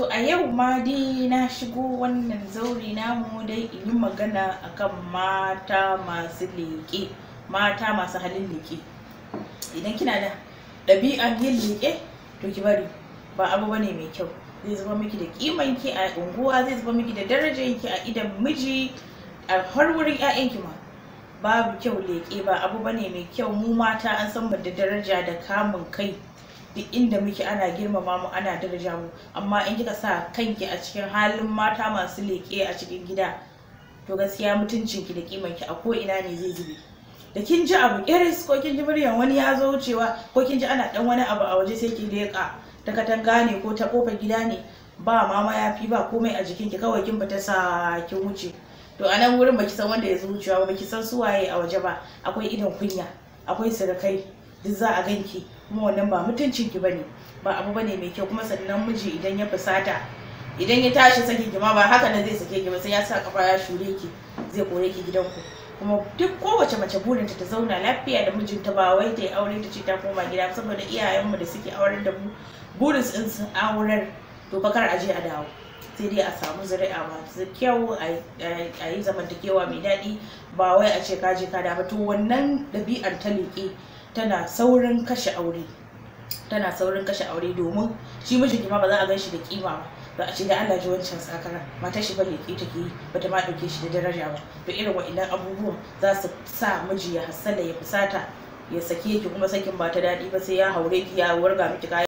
to a yau ma dai na shigo wannan zauri namu dai in yi magana akan mata masu leƙe mata masu halin leƙe idan kina da ɗabi'an yin leƙe to ki bari ba abu bane mai kyau zai zuba miki da ƙimanki a unguwa zai zuba miki da ki a idan miji a har wurin 'ya'yanki ma babu kyau leƙe ba abu bane mai kyau mu mata an san mu da daraja da kamun kai duk inda muke ana girmama mu ana daraja mu amma in kika sa kanki a cikin halin mata masu leƙe a cikin gida to gaskiya mutuncin ki da ki a ko ina ne zai zube da kin ji abu iris ko kin ji muryan wani ya zo wucewa ko kin ji ana dan wani abu a waje sai ki leƙa ta katanga ne ko ta kofar gida ne ba mama ya fi ba komai a jikinki kawai kin fita sa kin wuce to a nan wurin baki san wanda ya zo wucewa ba baki san waye a waje ba akwai idan kunya akwai sirkai duk za a ganki kuma wannan ba mutuncin ki bane ba abu bane mai kyau kuma sannan miji idan ya fusata idan ya tashi saki ki ba haka nan zai sake ki sai ya sa kafa ya shure ki zai kore ki ku. kuma duk kowace mace burinta ta zauna lafiya da mijinta ba wai ta yi aure ta ce ta koma gida saboda iyayenmu da suke auren da mu burin sun sun aurar to bakar aje a dawo sai dai a samu zuri'a masu kyau a yi zamantakewa mai daɗi ba wai a ce kaje ka da ba to wannan ɗabi'ar ta leƙe tana saurin kashe aure tana saurin kashe aure domin shi mijinki ma ba za a gan shi da kima ba ba a ce da Allah ji wancan sakara mata shi bane ke take yi bata ma dauke shi da daraja ba to irin wa'annan abubuwan za su sa miji ya hassala ya fusata ya sake ki kuma sakin ba ta daɗi ba sai ya haure ki ya warga miki